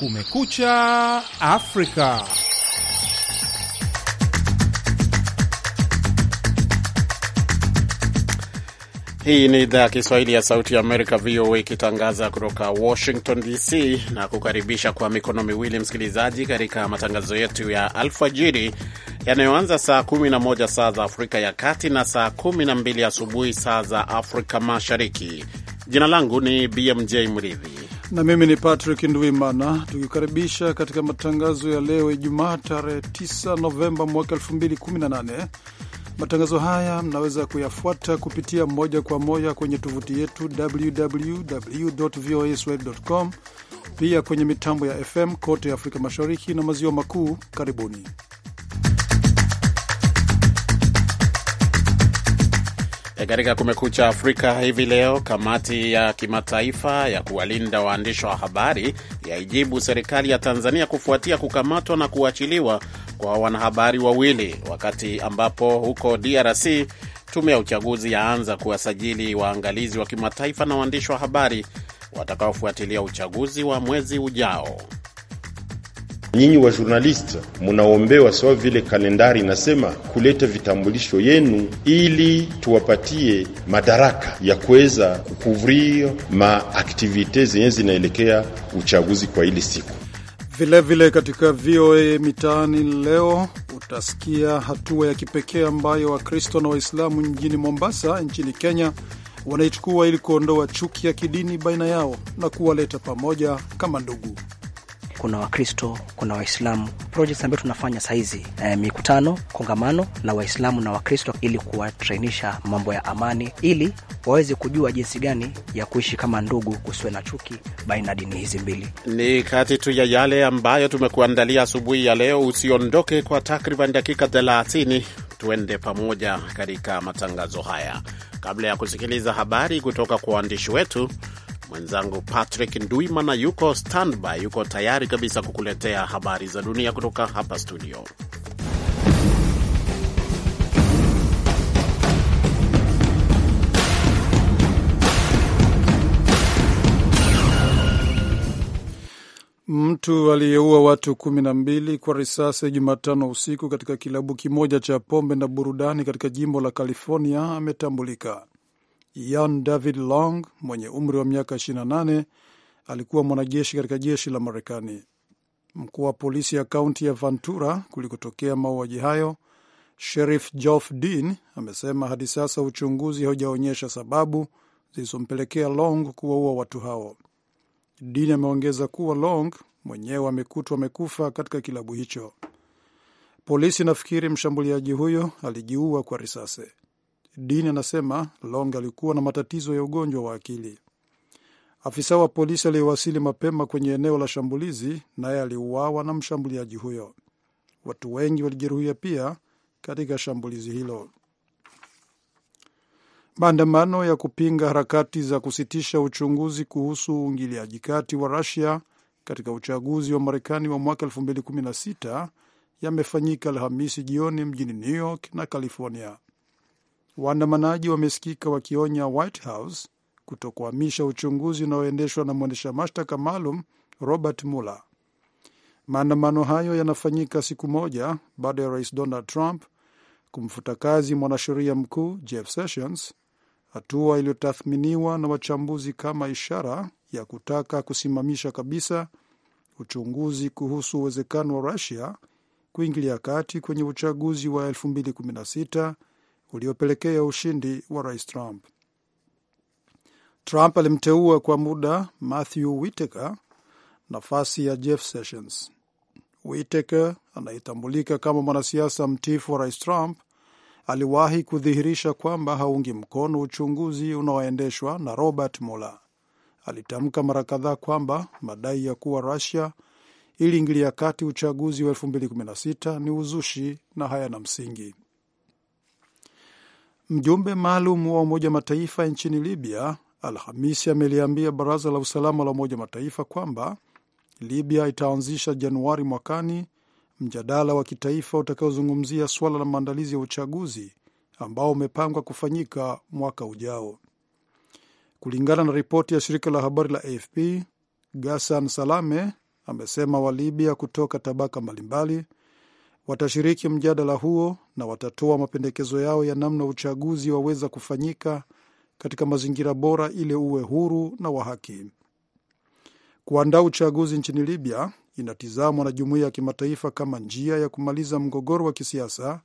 Kumekucha Afrika. Hii ni idhaa ya Kiswahili ya Sauti ya Amerika, VOA, ikitangaza kutoka Washington DC na kukaribisha kwa mikono miwili msikilizaji, katika matangazo yetu ya alfajiri yanayoanza saa 11 saa za Afrika ya Kati na saa 12 asubuhi saa za Afrika Mashariki. Jina langu ni BMJ Mridhi na mimi ni Patrick Ndwimana, tukikaribisha katika matangazo ya leo Ijumaa tarehe 9 Novemba mwaka 2018. Matangazo haya mnaweza kuyafuata kupitia moja kwa moja kwenye tovuti yetu www voa swahili com, pia kwenye mitambo ya FM kote Afrika Mashariki na Maziwa Makuu. Karibuni. Eh, katika Kumekucha Afrika hivi leo, kamati ya kimataifa ya kuwalinda waandishi wa habari yaijibu serikali ya Tanzania kufuatia kukamatwa na kuachiliwa kwa wanahabari wawili, wakati ambapo huko DRC tume ya uchaguzi yaanza kuwasajili waangalizi wa kimataifa na waandishi wa habari watakaofuatilia uchaguzi wa mwezi ujao. Nyinyi wa journalist munaombewa sawa vile kalendari inasema kuleta vitambulisho yenu ili tuwapatie madaraka ya kuweza kukuvrir maaktivite zenye zinaelekea uchaguzi kwa hili siku. Vilevile vile katika VOA Mitaani leo utasikia hatua ya kipekee ambayo Wakristo na Waislamu mjini Mombasa nchini Kenya wanaichukua ili kuondoa chuki ya kidini baina yao na kuwaleta pamoja kama ndugu kuna Wakristo, kuna Waislamu. Projekt ambayo tunafanya sahizi e, eh, mikutano, kongamano la Waislamu na Wakristo ili kuwatrainisha mambo ya amani, ili waweze kujua jinsi gani ya kuishi kama ndugu, kusiwe na chuki baina ya dini hizi mbili. Ni kati tu ya yale ambayo tumekuandalia asubuhi ya leo. Usiondoke kwa takriban dakika 30 tuende pamoja katika matangazo haya, kabla ya kusikiliza habari kutoka kwa waandishi wetu. Mwenzangu Patrick Ndwimana yuko standby, yuko tayari kabisa kukuletea habari za dunia kutoka hapa studio. Mtu aliyeua watu kumi na mbili kwa risasi Jumatano usiku katika kilabu kimoja cha pombe na burudani katika jimbo la California ametambulika. Ian David Long mwenye umri wa miaka 28 alikuwa mwanajeshi katika jeshi la Marekani. Mkuu wa polisi ya kaunti ya Ventura kulikotokea mauaji hayo, Sheriff Geoff Dean amesema hadi sasa uchunguzi haujaonyesha sababu zilizompelekea Long kuwaua watu hao. Dean ameongeza kuwa Long mwenyewe amekutwa amekufa katika kilabu hicho. Polisi nafikiri mshambuliaji huyo alijiua kwa risasi. Dini anasema Long alikuwa na matatizo ya ugonjwa wa akili. Afisa wa polisi aliyewasili mapema kwenye eneo la shambulizi naye aliuawa na mshambuliaji huyo. Watu wengi walijeruhiwa pia katika shambulizi hilo. Maandamano ya kupinga harakati za kusitisha uchunguzi kuhusu uingiliaji kati wa Rusia katika uchaguzi wa Marekani wa mwaka 2016 yamefanyika Alhamisi jioni mjini New York na California. Waandamanaji wamesikika wakionya White House kutokuhamisha uchunguzi unaoendeshwa na mwendesha mashtaka maalum Robert Mueller. Maandamano hayo yanafanyika siku moja baada ya rais Donald Trump kumfuta kazi mwanasheria mkuu Jeff Sessions, hatua iliyotathminiwa na wachambuzi kama ishara ya kutaka kusimamisha kabisa uchunguzi kuhusu uwezekano wa Rusia kuingilia kati kwenye uchaguzi wa 2016 uliopelekea ushindi wa rais Trump. Trump alimteua kwa muda Matthew Whitaker nafasi ya Jeff Sessions. Whitaker anayetambulika kama mwanasiasa mtiifu wa rais Trump aliwahi kudhihirisha kwamba haungi mkono uchunguzi unaoendeshwa na Robert Mueller. Alitamka mara kadhaa kwamba madai ya kuwa Russia iliingilia kati uchaguzi wa 2016 ni uzushi na hayana msingi. Mjumbe maalum wa Umoja wa Mataifa nchini Libya Alhamisi ameliambia Baraza la Usalama la Umoja wa Mataifa kwamba Libya itaanzisha Januari mwakani mjadala wa kitaifa utakaozungumzia suala la maandalizi ya uchaguzi ambao umepangwa kufanyika mwaka ujao. Kulingana na ripoti ya shirika la habari la AFP, Gassan Salame amesema Walibya kutoka tabaka mbalimbali watashiriki mjadala huo na watatoa mapendekezo yao ya namna uchaguzi waweza kufanyika katika mazingira bora ili uwe huru na wa haki. Kuandaa uchaguzi nchini Libya inatizamwa na jumuiya ya kimataifa kama njia ya kumaliza mgogoro wa kisiasa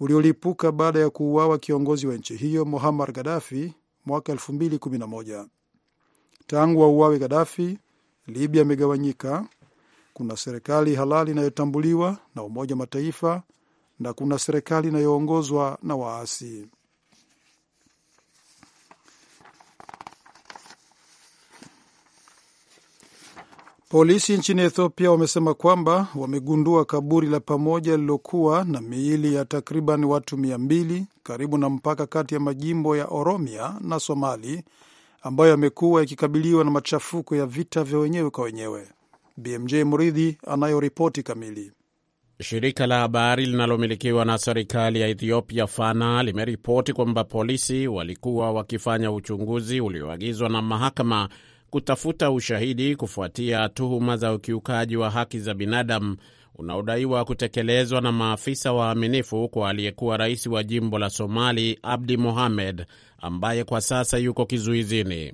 uliolipuka baada ya kuuawa kiongozi wa nchi hiyo Muammar Gaddafi mwaka 2011. Tangu wauawe Gaddafi, Libya imegawanyika kuna serikali halali inayotambuliwa na Umoja wa Mataifa na kuna serikali inayoongozwa na waasi. Polisi nchini Ethiopia wamesema kwamba wamegundua kaburi la pamoja lililokuwa na miili ya takriban watu mia mbili karibu na mpaka kati ya majimbo ya Oromia na Somali ambayo yamekuwa yakikabiliwa na machafuko ya vita vya wenyewe kwa wenyewe. BMJ Muridhi anayoripoti kamili. Shirika la habari linalomilikiwa na serikali ya Ethiopia Fana limeripoti kwamba polisi walikuwa wakifanya uchunguzi ulioagizwa na mahakama kutafuta ushahidi kufuatia tuhuma za ukiukaji wa haki za binadamu unaodaiwa kutekelezwa na maafisa waaminifu kwa aliyekuwa rais wa jimbo la Somali Abdi Mohamed ambaye kwa sasa yuko kizuizini.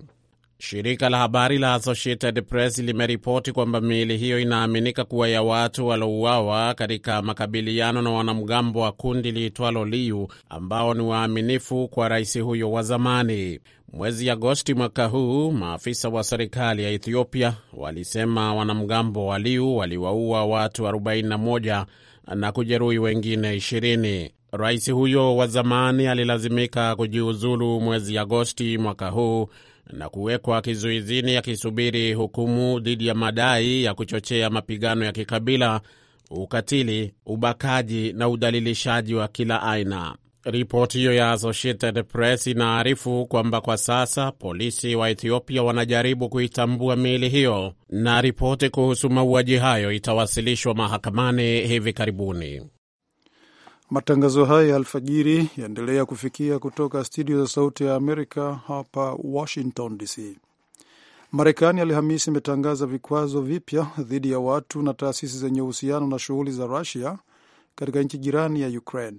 Shirika la habari la Associated Press limeripoti kwamba miili hiyo inaaminika kuwa ya watu waliouawa katika makabiliano na wanamgambo wa kundi liitwalo Liu ambao ni waaminifu kwa rais huyo wa zamani. Mwezi Agosti mwaka huu, maafisa wa serikali ya Ethiopia walisema wanamgambo wa Liu waliwaua watu 41 na kujeruhi wengine 20. Rais huyo wa zamani alilazimika kujiuzulu mwezi Agosti mwaka huu na kuwekwa kizuizini akisubiri hukumu dhidi ya madai ya kuchochea mapigano ya kikabila, ukatili, ubakaji na udhalilishaji wa kila aina. Ripoti hiyo ya Associated Press inaarifu kwamba kwa sasa polisi wa Ethiopia wanajaribu kuitambua miili hiyo na ripoti kuhusu mauaji hayo itawasilishwa mahakamani hivi karibuni. Matangazo haya ya alfajiri yaendelea kufikia kutoka studio za Sauti ya Amerika hapa Washington DC. Marekani Alhamisi imetangaza vikwazo vipya dhidi ya watu na taasisi zenye uhusiano na shughuli za Rusia katika nchi jirani ya Ukraine.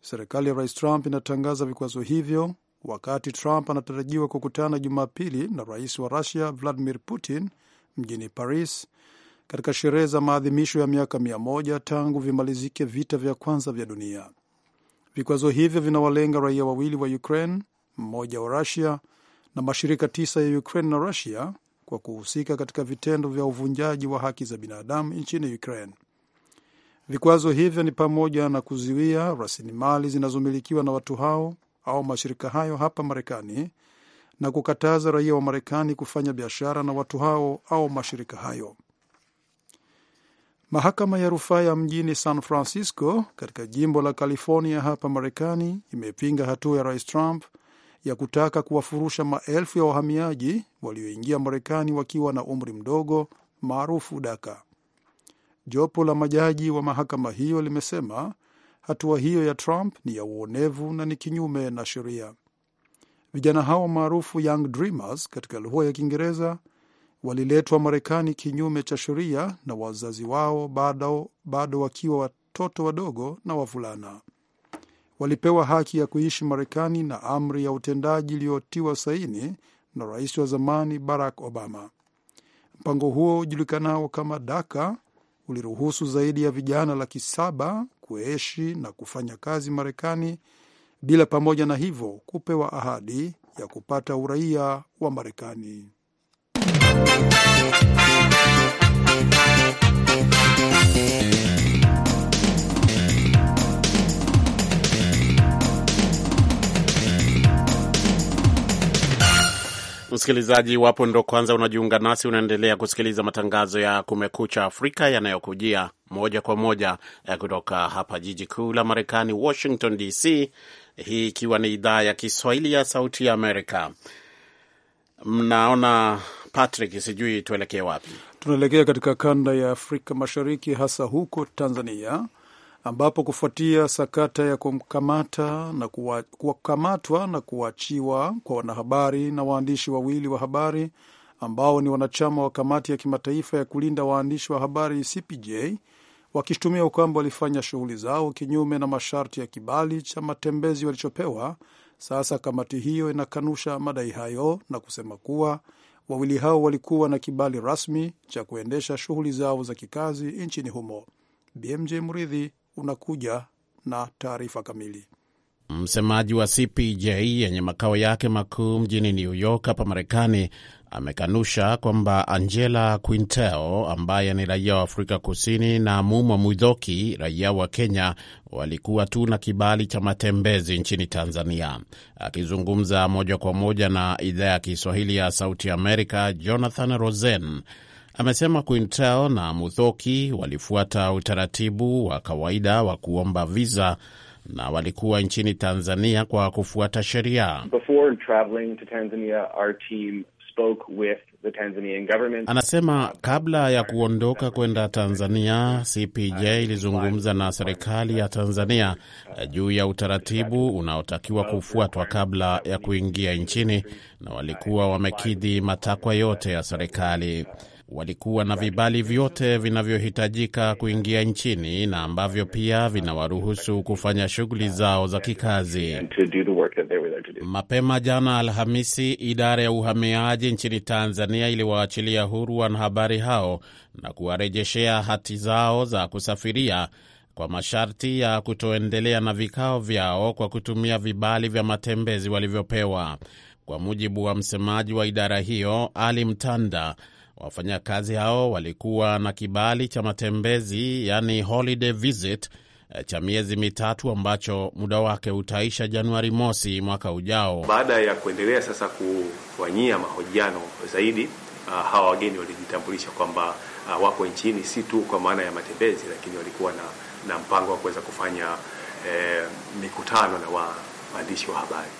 Serikali ya Rais Trump inatangaza vikwazo hivyo wakati Trump anatarajiwa kukutana Jumapili na rais wa Rusia Vladimir Putin mjini Paris katika sherehe za maadhimisho ya miaka mia moja tangu vimalizike vita vya kwanza vya dunia. Vikwazo hivyo vinawalenga raia wawili wa Ukraine, mmoja wa Rusia na mashirika tisa ya Ukraine na Rusia kwa kuhusika katika vitendo vya uvunjaji wa haki za binadamu nchini Ukraine. Vikwazo hivyo ni pamoja na kuzuia rasilimali zinazomilikiwa na watu hao au mashirika hayo hapa Marekani na kukataza raia wa Marekani kufanya biashara na watu hao au mashirika hayo. Mahakama ya rufaa ya mjini San Francisco katika jimbo la California hapa Marekani imepinga hatua ya rais Trump ya kutaka kuwafurusha maelfu ya wahamiaji walioingia Marekani wakiwa na umri mdogo maarufu daka. Jopo la majaji wa mahakama hiyo limesema hatua hiyo ya Trump ni ya uonevu na ni kinyume na sheria. Vijana hao maarufu Young Dreamers katika lugha ya Kiingereza waliletwa Marekani kinyume cha sheria na wazazi wao bado, bado wakiwa watoto wadogo na wavulana. Walipewa haki ya kuishi Marekani na amri ya utendaji iliyotiwa saini na rais wa zamani Barack Obama. Mpango huo ujulikanao kama DACA uliruhusu zaidi ya vijana laki saba kuishi na kufanya kazi Marekani bila pamoja na hivyo kupewa ahadi ya kupata uraia wa Marekani. Msikilizaji wapo ndo kwanza unajiunga nasi, unaendelea kusikiliza matangazo ya Kumekucha Afrika yanayokujia moja kwa moja eh, kutoka hapa jiji kuu la Marekani, Washington DC, hii ikiwa ni idhaa ya Kiswahili ya Sauti ya Amerika. Mnaona Patrick, sijui tuelekee wapi? Tunaelekea katika kanda ya Afrika Mashariki, hasa huko Tanzania ambapo kufuatia sakata ya kumkamata na kuwakamatwa na kuachiwa kwa wanahabari na waandishi wawili wa habari ambao ni wanachama wa kamati ya kimataifa ya kulinda waandishi wa habari CPJ, wakishtumia kwamba walifanya shughuli zao kinyume na masharti ya kibali cha matembezi walichopewa. Sasa kamati hiyo inakanusha madai hayo na kusema kuwa Wawili hao walikuwa na kibali rasmi cha kuendesha shughuli zao za kikazi nchini humo. BMJ Mridhi unakuja na taarifa kamili. Msemaji wa CPJ yenye makao yake makuu mjini New York hapa Marekani amekanusha kwamba Angela Quintel ambaye ni raia wa Afrika Kusini na Mumwa Mudhoki raia wa Kenya walikuwa tu na kibali cha matembezi nchini Tanzania. Akizungumza moja kwa moja na idhaa ya Kiswahili ya Sauti Amerika, Jonathan Rosen amesema Quintel na Mudhoki walifuata utaratibu wa kawaida wa kuomba viza na walikuwa nchini Tanzania kwa kufuata sheria. Anasema kabla ya kuondoka kwenda Tanzania, CPJ ilizungumza na serikali ya Tanzania eh, juu ya utaratibu unaotakiwa kufuatwa kabla ya kuingia nchini, na walikuwa wamekidhi matakwa yote ya serikali walikuwa na vibali vyote vinavyohitajika kuingia nchini na ambavyo pia vinawaruhusu kufanya shughuli zao za kikazi. Mapema jana Alhamisi, idara ya uhamiaji nchini Tanzania iliwaachilia huru wanahabari hao na kuwarejeshea hati zao za kusafiria kwa masharti ya kutoendelea na vikao vyao kwa kutumia vibali vya matembezi walivyopewa. Kwa mujibu wa msemaji wa idara hiyo Ali Mtanda, Wafanyakazi hao walikuwa na kibali cha matembezi, yani holiday visit, eh, cha miezi mitatu ambacho muda wake utaisha Januari mosi mwaka ujao. Baada ya kuendelea sasa kufanyia mahojiano zaidi, uh, hawa wageni walijitambulisha kwamba uh, ah, wako nchini si tu kwa maana ya matembezi, lakini walikuwa na, na mpango wa kuweza kufanya eh, mikutano na waandishi wa habari.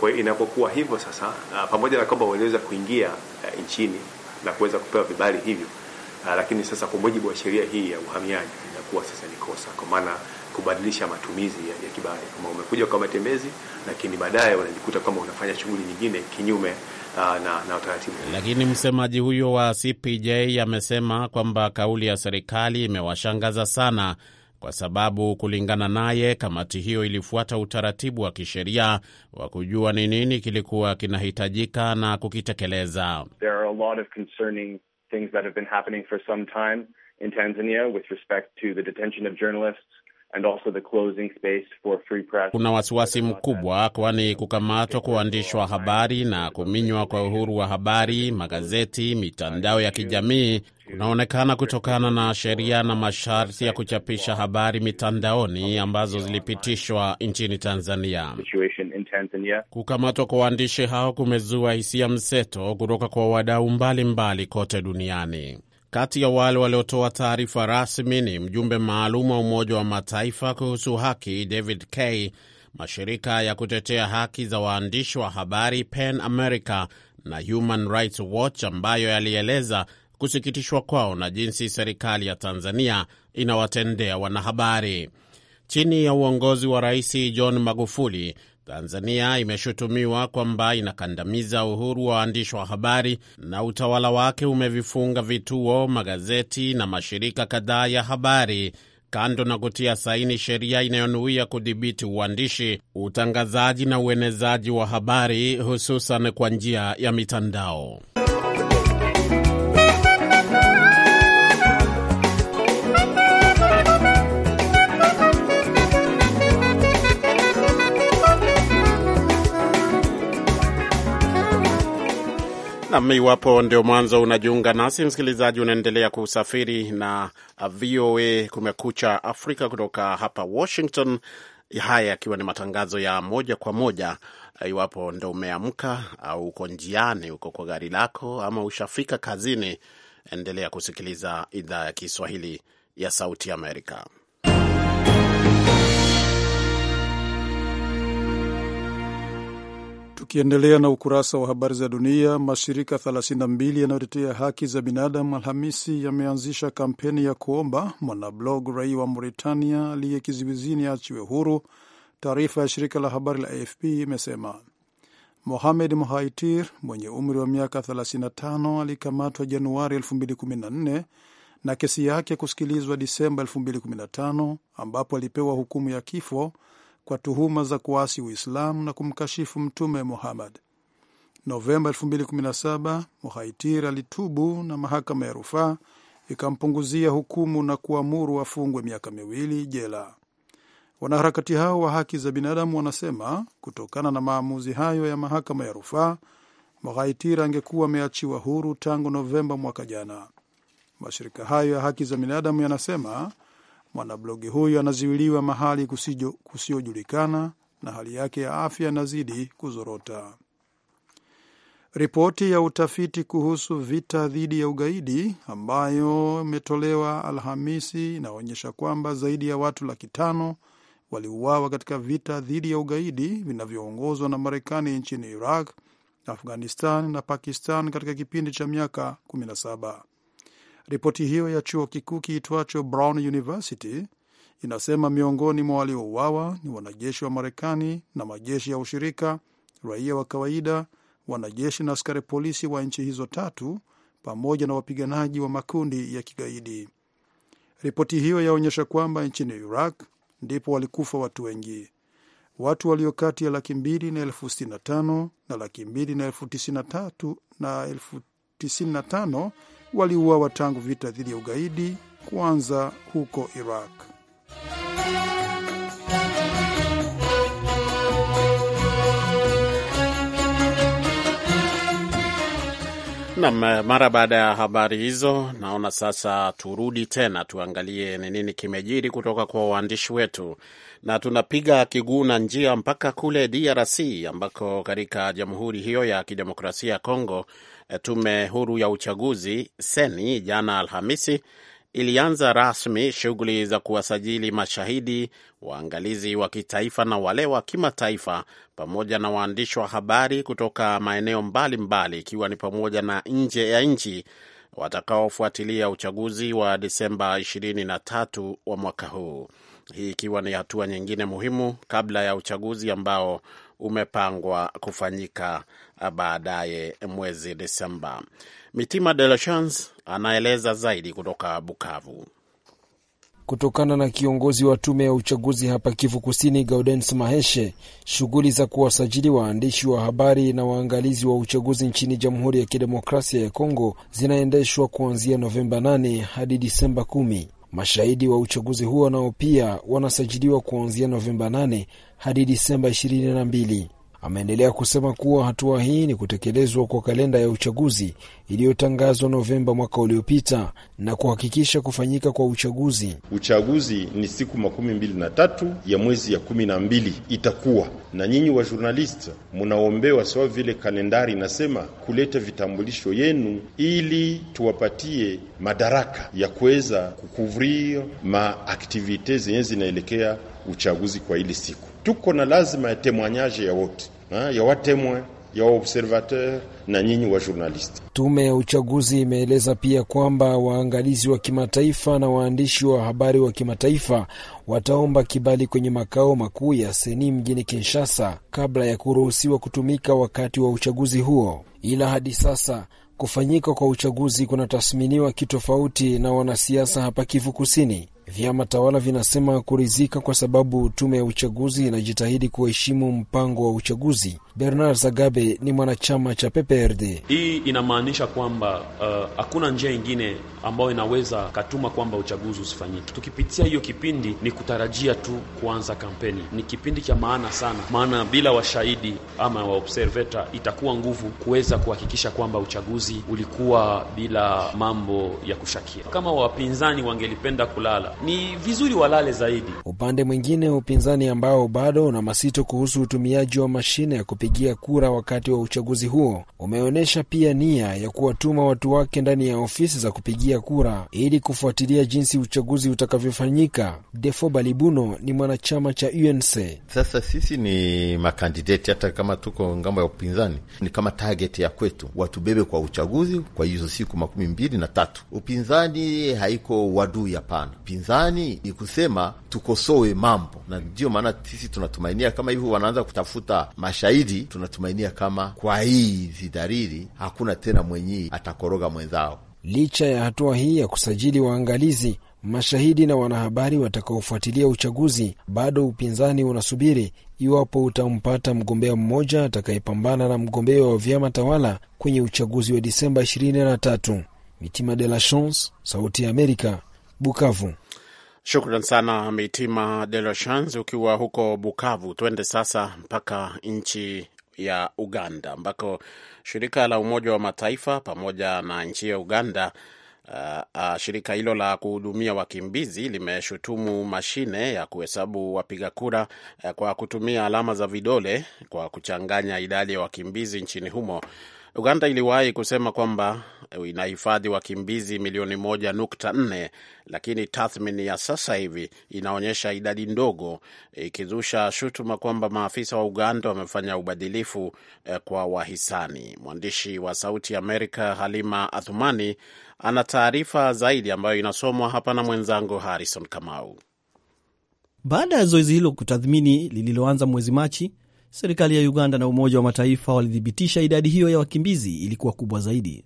Kwa hiyo inapokuwa hivyo sasa, uh, pamoja na kwamba waliweza kuingia uh, nchini na kuweza kupewa vibali hivyo. Uh, lakini sasa kwa mujibu wa sheria hii ya uhamiaji inakuwa sasa ni kosa, kwa maana kubadilisha matumizi ya, ya kibali kama umekuja kwa matembezi, lakini baadaye unajikuta kwamba unafanya shughuli nyingine kinyume uh, na, na utaratibu. Lakini msemaji huyo wa CPJ amesema kwamba kauli ya serikali imewashangaza sana kwa sababu kulingana naye, kamati hiyo ilifuata utaratibu wa kisheria wa kujua ni nini kilikuwa kinahitajika na kukitekeleza. There are a lot of concerning things that have been happening for some time in Tanzania with respect to the detention of journalists and also the closing space for free press. Kuna wasiwasi mkubwa kwani kukamatwa kwa waandishi wa habari na kuminywa kwa uhuru wa habari, magazeti, mitandao ya kijamii kunaonekana kutokana na sheria na masharti ya kuchapisha habari mitandaoni ambazo zilipitishwa nchini Tanzania. Kukamatwa kwa waandishi hao kumezua hisia mseto kutoka kwa wadau mbalimbali kote duniani. Kati ya wale waliotoa taarifa rasmi ni mjumbe maalum wa Umoja wa Mataifa kuhusu haki David Kay, mashirika ya kutetea haki za waandishi wa habari PEN America na Human Rights Watch ambayo yalieleza kusikitishwa kwao na jinsi serikali ya Tanzania inawatendea wanahabari. Chini ya uongozi wa Rais John Magufuli, Tanzania imeshutumiwa kwamba inakandamiza uhuru wa waandishi wa habari na utawala wake umevifunga vituo, magazeti na mashirika kadhaa ya habari, kando na kutia saini sheria inayonuia kudhibiti uandishi, utangazaji na uenezaji wa habari, hususan kwa njia ya mitandao. Nam, iwapo ndio mwanzo unajiunga nasi, msikilizaji, unaendelea kusafiri na VOA Kumekucha Afrika kutoka hapa Washington. Haya yakiwa ni matangazo ya moja kwa moja. Iwapo ndo umeamka au uko njiani, uko kwa gari lako ama ushafika kazini, endelea kusikiliza idhaa ya Kiswahili ya Sauti Amerika. Tukiendelea na ukurasa wa habari za dunia, mashirika 32 yanayotetea haki za binadamu Alhamisi yameanzisha kampeni ya kuomba mwanablog raia wa Mauritania aliye kizuizini achiwe huru. Taarifa ya shirika la habari la AFP imesema Mohamed Mohaitir mwenye umri wa miaka 35 alikamatwa Januari 2014 na kesi yake kusikilizwa Disemba 2015 ambapo alipewa hukumu ya kifo kwa tuhuma za kuasi Uislamu na kumkashifu Mtume Muhammad. Novemba 2017 Muhaitir alitubu na mahakama ya rufaa ikampunguzia hukumu na kuamuru afungwe miaka miwili jela. Wanaharakati hao wa haki za binadamu wanasema kutokana na maamuzi hayo ya mahakama ya rufaa, Mughaitir angekuwa ameachiwa huru tangu Novemba mwaka jana. Mashirika hayo ya haki za binadamu yanasema Mwanablogi huyu anaziwiliwa mahali kusiojulikana na hali yake ya afya inazidi kuzorota. Ripoti ya utafiti kuhusu vita dhidi ya ugaidi ambayo imetolewa Alhamisi inaonyesha kwamba zaidi ya watu laki tano waliuawa katika vita dhidi ya ugaidi vinavyoongozwa na Marekani nchini Iraq, Afghanistan na Pakistan katika kipindi cha miaka Ripoti hiyo ya chuo kikuu kiitwacho Brown University inasema miongoni mwa waliouawa ni wanajeshi wa Marekani na majeshi ya ushirika, raia wa kawaida, wanajeshi na askari polisi wa nchi hizo tatu, pamoja na wapiganaji wa makundi ya kigaidi. Ripoti hiyo yaonyesha kwamba nchini Iraq ndipo walikufa watu wengi. Watu walio kati ya laki mbili na elfu sitini na tano na laki mbili na elfu tisini na tatu na elfu tisini na tano waliuawa tangu vita dhidi ya ugaidi kuanza huko Iraq. Nam, mara baada ya habari hizo, naona sasa turudi tena tuangalie ni nini kimejiri kutoka kwa waandishi wetu na tunapiga kiguu na njia mpaka kule DRC ambako katika jamhuri hiyo ya kidemokrasia ya Kongo eh, tume huru ya uchaguzi seni jana Alhamisi ilianza rasmi shughuli za kuwasajili mashahidi, waangalizi wa kitaifa na wale wa kimataifa, pamoja na waandishi wa habari kutoka maeneo mbalimbali, ikiwa mbali ni pamoja na nje ya nchi watakaofuatilia uchaguzi wa Disemba 23 wa mwaka huu hii ikiwa ni hatua nyingine muhimu kabla ya uchaguzi ambao umepangwa kufanyika uh, baadaye mwezi Desemba. Mitima De La Chance anaeleza zaidi kutoka Bukavu. Kutokana na kiongozi wa tume ya uchaguzi hapa Kivu Kusini, Gaudens Maheshe, shughuli za kuwasajili waandishi wa habari na waangalizi wa uchaguzi nchini Jamhuri ya Kidemokrasia ya Kongo zinaendeshwa kuanzia Novemba 8 hadi Disemba 10. Mashahidi wa uchaguzi huo nao pia wanasajiliwa kuanzia Novemba 8 hadi Disemba 22. Ameendelea kusema kuwa hatua hii ni kutekelezwa kwa kalenda ya uchaguzi iliyotangazwa Novemba mwaka uliopita na kuhakikisha kufanyika kwa uchaguzi. Uchaguzi ni siku makumi mbili na tatu ya mwezi ya kumi na mbili itakuwa na nyinyi wa journalist munaombewa sawa vile kalendari inasema kuleta vitambulisho yenu ili tuwapatie madaraka ya kuweza kukuvrir maaktivite zenye zinaelekea uchaguzi kwa hili siku tuko na lazima ya temwanyaje ya wote ya watemwe ya waobservateur na nyinyi wa journalist. Tume ya uchaguzi imeeleza pia kwamba waangalizi wa kimataifa na waandishi wa habari wa kimataifa wataomba kibali kwenye makao makuu ya Seni mjini Kinshasa kabla ya kuruhusiwa kutumika wakati wa uchaguzi huo. Ila hadi sasa kufanyika kwa uchaguzi kunatathminiwa kitofauti na wanasiasa hapa Kivu Kusini. Vyama tawala vinasema kuridhika kwa sababu tume ya uchaguzi inajitahidi kuheshimu mpango wa uchaguzi. Bernard Zagabe ni mwanachama cha PPRD. Hii inamaanisha kwamba uh, hakuna uh, njia ingine ambayo inaweza katuma kwamba uchaguzi usifanyike. Tukipitia hiyo kipindi, ni kutarajia tu kuanza kampeni. Ni kipindi cha maana sana, maana bila washahidi ama waobserveta itakuwa nguvu kuweza kuhakikisha kwamba uchaguzi ulikuwa bila mambo ya kushakia. Kama wapinzani wangelipenda kulala ni vizuri walale zaidi. Upande mwingine, upinzani ambao bado una masito kuhusu utumiaji wa mashine ya kupigia kura wakati wa uchaguzi huo umeonyesha pia nia ya kuwatuma watu wake ndani ya ofisi za kupigia kura ili kufuatilia jinsi uchaguzi utakavyofanyika. Defo Balibuno ni mwanachama cha UNC. Sasa sisi ni makandideti, hata kama tuko ngambo ya upinzani, ni kama target ya kwetu watubebe kwa uchaguzi kwa hizo siku makumi mbili na tatu. Upinzani haiko wadui, hapana upinzani ni kusema tukosowe mambo, na ndiyo maana sisi tunatumainia kama hivyo wanaanza kutafuta mashahidi, tunatumainia kama kwa hizi dalili hakuna tena mwenyii atakoroga mwenzao. Licha ya hatua hii ya kusajili waangalizi, mashahidi na wanahabari watakaofuatilia uchaguzi, bado upinzani unasubiri iwapo utampata mgombea mmoja atakayepambana na mgombea wa vyama tawala kwenye uchaguzi wa Disemba 23. Mitima de la Chance, Sauti ya Amerika, Bukavu. Shukran sana Mitima De La Chance ukiwa huko Bukavu. Twende sasa mpaka nchi ya Uganda ambako shirika la Umoja wa Mataifa pamoja na nchi ya Uganda Uh, uh, shirika hilo la kuhudumia wakimbizi limeshutumu mashine ya kuhesabu wapiga kura uh, kwa kutumia alama za vidole kwa kuchanganya idadi ya wakimbizi nchini humo Uganda iliwahi kusema kwamba inahifadhi wakimbizi milioni moja nukta nne lakini tathmini ya sasa hivi inaonyesha idadi ndogo, ikizusha shutuma kwamba maafisa wa Uganda wamefanya ubadilifu eh, kwa wahisani. Mwandishi wa Sauti ya Amerika Halima Athumani ana taarifa zaidi ambayo inasomwa hapa na mwenzangu Harrison Kamau. Baada ya zoezi hilo kutathmini lililoanza mwezi Machi, Serikali ya Uganda na Umoja wa Mataifa walithibitisha idadi hiyo ya wakimbizi ilikuwa kubwa zaidi.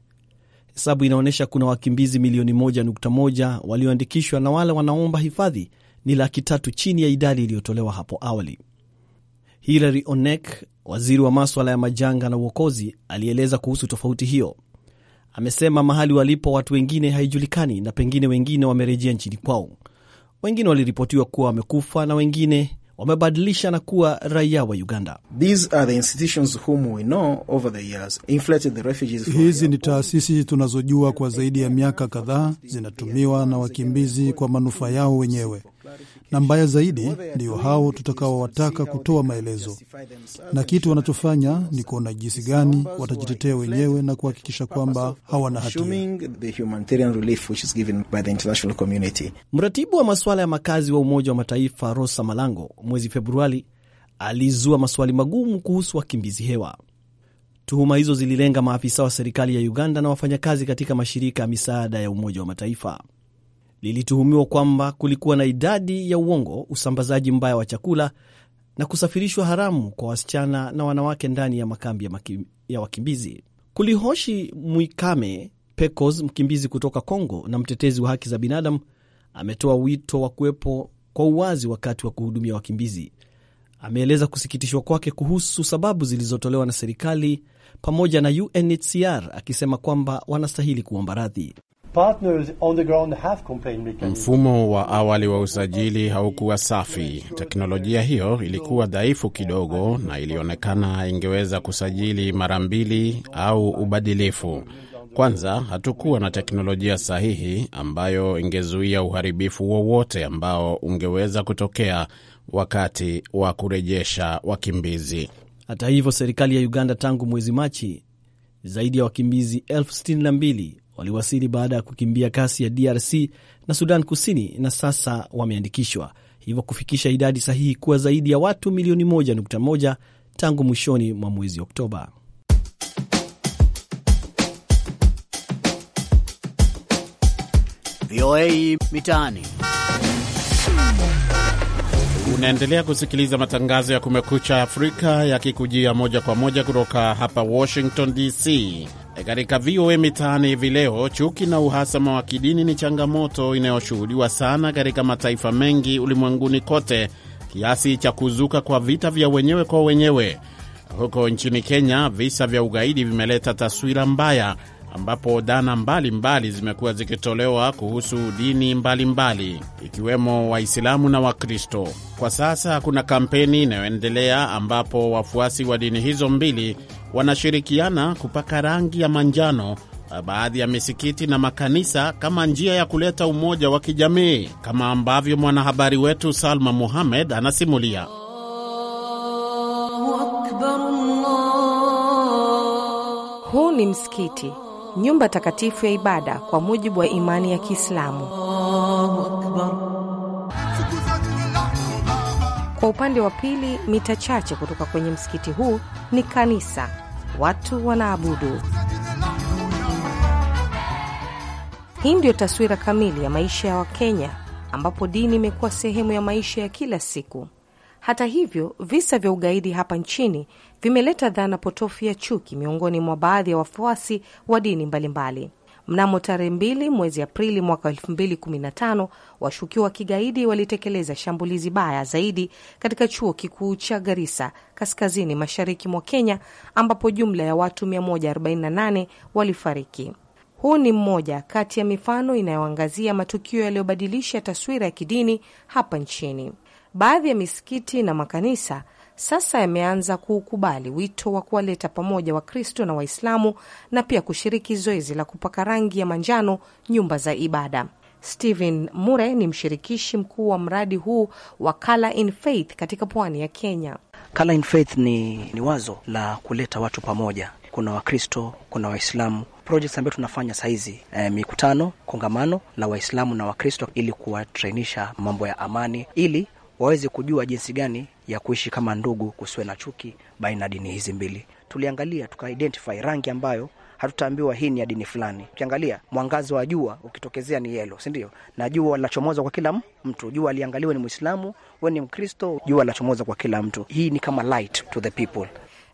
Hesabu inaonyesha kuna wakimbizi milioni 1.1 walioandikishwa na wale wanaomba hifadhi ni laki tatu chini ya idadi iliyotolewa hapo awali. Hilary Onek, waziri wa maswala ya majanga na uokozi, alieleza kuhusu tofauti hiyo. Amesema mahali walipo watu wengine haijulikani na pengine wengine wamerejea nchini kwao. Wengine waliripotiwa kuwa wamekufa na wengine wamebadilisha na kuwa raia wa Uganda. Hizi ni taasisi tunazojua kwa zaidi ya miaka kadhaa, zinatumiwa na wakimbizi kwa manufaa yao wenyewe na mbaya zaidi ndio hao tutakaowataka kutoa maelezo, na kitu wanachofanya ni kuona jinsi gani watajitetea wenyewe na kuhakikisha kwamba hawana hatia. Mratibu wa masuala ya makazi wa Umoja wa Mataifa Rosa Malango mwezi Februari alizua maswali magumu kuhusu wakimbizi hewa. Tuhuma hizo zililenga maafisa wa serikali ya Uganda na wafanyakazi katika mashirika ya misaada ya Umoja wa Mataifa lilituhumiwa kwamba kulikuwa na idadi ya uongo, usambazaji mbaya wa chakula na kusafirishwa haramu kwa wasichana na wanawake ndani ya makambi ya, makim, ya wakimbizi. Kulihoshi Mwikame Pecos, mkimbizi kutoka congo na mtetezi wa haki za binadamu, ametoa wito wa kuwepo kwa uwazi wakati wa kuhudumia wakimbizi. Ameeleza kusikitishwa kwake kuhusu sababu zilizotolewa na serikali pamoja na UNHCR akisema kwamba wanastahili kuomba radhi. Mfumo wa awali wa usajili haukuwa safi. Teknolojia hiyo ilikuwa dhaifu kidogo, na ilionekana ingeweza kusajili mara mbili au ubadilifu. Kwanza, hatukuwa na teknolojia sahihi ambayo ingezuia uharibifu wowote ambao ungeweza kutokea wakati wa kurejesha wakimbizi. Hata hivyo, serikali ya Uganda tangu mwezi Machi zaidi ya wakimbizi elfu sitini na mbili waliwasili baada ya kukimbia kasi ya DRC na Sudan Kusini na sasa wameandikishwa, hivyo kufikisha idadi sahihi kuwa zaidi ya watu milioni 1.1 tangu mwishoni mwa mwezi Oktoba. VOA Mitaani. Unaendelea kusikiliza matangazo ya Kumekucha Afrika yakikujia moja kwa moja kutoka hapa Washington DC. Katika VOA Mitaani hivi leo, chuki na uhasama wa kidini ni changamoto inayoshuhudiwa sana katika mataifa mengi ulimwenguni kote, kiasi cha kuzuka kwa vita vya wenyewe kwa wenyewe. Huko nchini Kenya, visa vya ugaidi vimeleta taswira mbaya ambapo dhana mbalimbali zimekuwa zikitolewa kuhusu dini mbalimbali mbali, ikiwemo Waislamu na Wakristo. Kwa sasa kuna kampeni inayoendelea ambapo wafuasi wa dini hizo mbili wanashirikiana kupaka rangi ya manjano baadhi ya misikiti na makanisa kama njia ya kuleta umoja wa kijamii, kama ambavyo mwanahabari wetu Salma Muhamed anasimulia. Huu ni msikiti nyumba takatifu ya ibada kwa mujibu wa imani ya Kiislamu. Kwa upande wa pili, mita chache kutoka kwenye msikiti huu ni kanisa, watu wanaabudu. Hii ndiyo taswira kamili ya maisha ya Wakenya ambapo dini imekuwa sehemu ya maisha ya kila siku. Hata hivyo, visa vya ugaidi hapa nchini vimeleta dhana potofu ya chuki miongoni mwa baadhi ya wafuasi wa dini mbalimbali Mnamo tarehe mbili mwezi Aprili mwaka tano washukiwa wa kigaidi walitekeleza shambulizi baya zaidi katika chuo kikuu cha Garisa kaskazini mashariki mwa Kenya, ambapo jumla ya watu 148 walifariki. Huu ni mmoja kati ya mifano inayoangazia matukio yaliyobadilisha taswira ya kidini hapa nchini baadhi ya misikiti na makanisa sasa yameanza kuukubali wito wa kuwaleta pamoja Wakristo na Waislamu na pia kushiriki zoezi la kupaka rangi ya manjano nyumba za ibada. Stephen Mure ni mshirikishi mkuu wa mradi huu wa Color in Faith katika pwani ya Kenya. Color in Faith ni, ni wazo la kuleta watu pamoja. Kuna Wakristo, kuna Waislamu projekt ambayo tunafanya sahizi e, eh, mikutano kongamano la Waislamu na Wakristo ili kuwatrainisha mambo ya amani, ili waweze kujua jinsi gani ya kuishi kama ndugu, kusiwe na chuki baina ya dini hizi mbili. Tuliangalia tukaidentify rangi ambayo hatutaambiwa hii ni ya dini fulani. Ukiangalia mwangazo wa jua ukitokezea ni yelo, si ndio? Na jua linachomoza kwa kila mtu. Jua aliangaliwa ni Mwislamu, we ni Mkristo, jua linachomoza kwa kila mtu. Hii ni kama light to the people.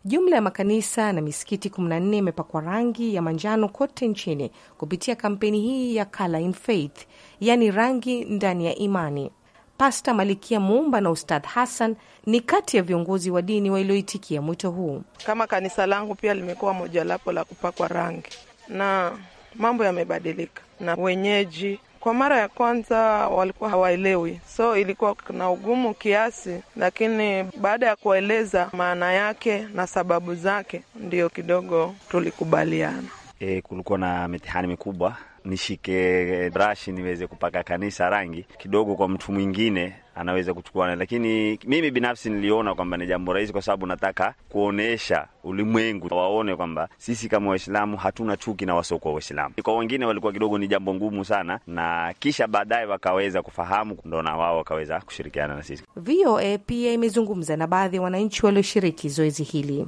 Jumla ya makanisa na misikiti 14 imepakwa rangi ya manjano kote nchini kupitia kampeni hii ya Color in Faith, yaani rangi ndani ya imani. Pasta Malikia Muumba na Ustadh Hassan ni kati ya viongozi wa dini walioitikia mwito huu. Kama kanisa langu pia limekuwa mojawapo la kupakwa rangi na mambo yamebadilika, na wenyeji kwa mara ya kwanza walikuwa hawaelewi, so ilikuwa na ugumu kiasi, lakini baada ya kueleza maana yake na sababu zake, ndiyo kidogo tulikubaliana. E, kulikuwa na mitihani mikubwa nishike brashi niweze kupaka kanisa rangi kidogo, kwa mtu mwingine anaweza kuchukua, lakini mimi binafsi niliona kwamba ni jambo rahisi, kwa sababu nataka kuonesha ulimwengu waone kwamba sisi kama Waislamu hatuna chuki na wasiokuwa Waislamu. Kwa wengine walikuwa kidogo ni jambo ngumu sana, na kisha baadaye wakaweza kufahamu, ndo na wao wakaweza kushirikiana na sisi. VOA pia imezungumza na baadhi ya wananchi walioshiriki zoezi hili.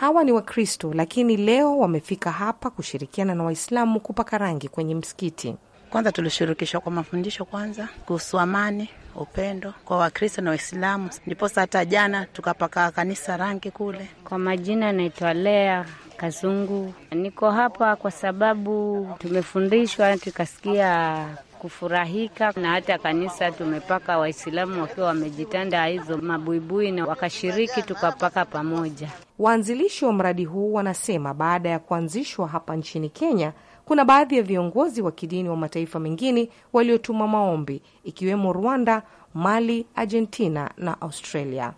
Hawa ni Wakristo, lakini leo wamefika hapa kushirikiana na Waislamu kupaka rangi kwenye msikiti. Kwanza tulishirikishwa kwa mafundisho kwanza kuhusu amani, upendo kwa Wakristo na Waislamu, ndiposa hata jana tukapaka kanisa rangi kule. Kwa majina anaitwa Lea Kazungu. Niko hapa kwa sababu tumefundishwa, tukasikia kufurahika, na hata kanisa tumepaka Waislamu wakiwa wamejitanda hizo mabuibui na wakashiriki, tukapaka pamoja. Waanzilishi wa mradi huu wanasema baada ya kuanzishwa hapa nchini Kenya, kuna baadhi ya viongozi wa kidini wa mataifa mengine waliotuma maombi ikiwemo Rwanda, Mali, Argentina na Australia.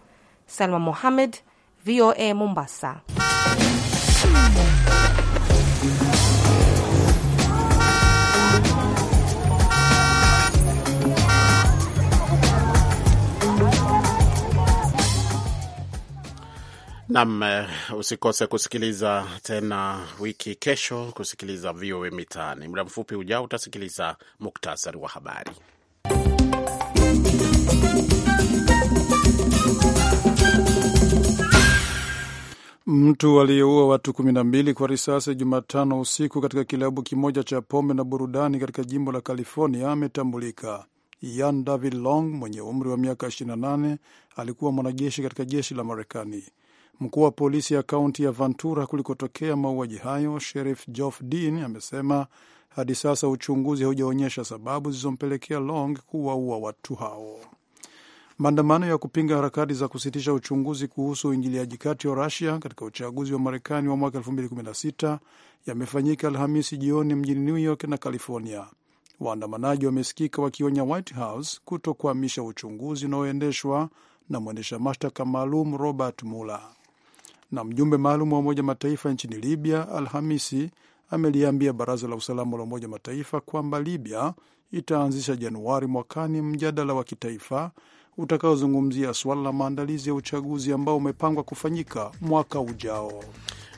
Salma Mohamed, VOA Mombasa. Nam, eh, usikose kusikiliza tena wiki kesho kusikiliza VOA Mitaani. Muda mfupi ujao utasikiliza muktasari wa habari. Mtu aliyeua watu kumi na mbili kwa risasi Jumatano usiku katika kilabu kimoja cha pombe na burudani katika jimbo la California ametambulika. Ian David Long mwenye umri wa miaka 28 alikuwa mwanajeshi katika jeshi la Marekani. Mkuu wa polisi ya kaunti ya Ventura kulikotokea mauaji hayo, Sheriff Geoff Dean amesema hadi sasa uchunguzi haujaonyesha sababu zilizompelekea Long kuwaua watu hao. Maandamano ya kupinga harakati za kusitisha uchunguzi kuhusu uingiliaji kati wa Rusia katika uchaguzi wa Marekani wa mwaka 2016 yamefanyika Alhamisi jioni mjini New York na California. Waandamanaji wamesikika wakionya White House kutokuhamisha uchunguzi unaoendeshwa na mwendesha mashtaka maalum Robert Mueller na mjumbe maalum wa Umoja Mataifa nchini Libya Alhamisi ameliambia Baraza la Usalama la Umoja Mataifa kwamba Libya itaanzisha Januari mwakani mjadala wa kitaifa utakaozungumzia suala la maandalizi ya uchaguzi ambao umepangwa kufanyika mwaka ujao.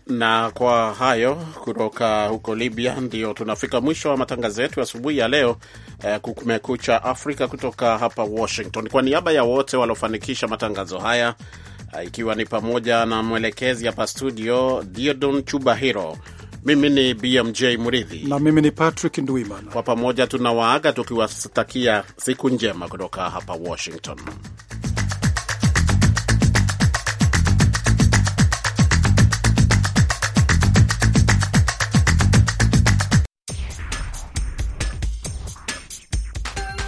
Na kwa hayo kutoka huko Libya, ndio tunafika mwisho wa matangazo yetu asubuhi ya leo eh, Kumekucha Afrika kutoka hapa Washington. Kwa niaba ya wote waliofanikisha matangazo haya Ah, ikiwa ni pamoja na mwelekezi hapa studio Diodon Chubahiro. Mimi ni BMJ mridhi na mimi ni Patrick ndwimana Kwa pamoja tunawaaga tukiwatakia siku njema kutoka hapa Washington.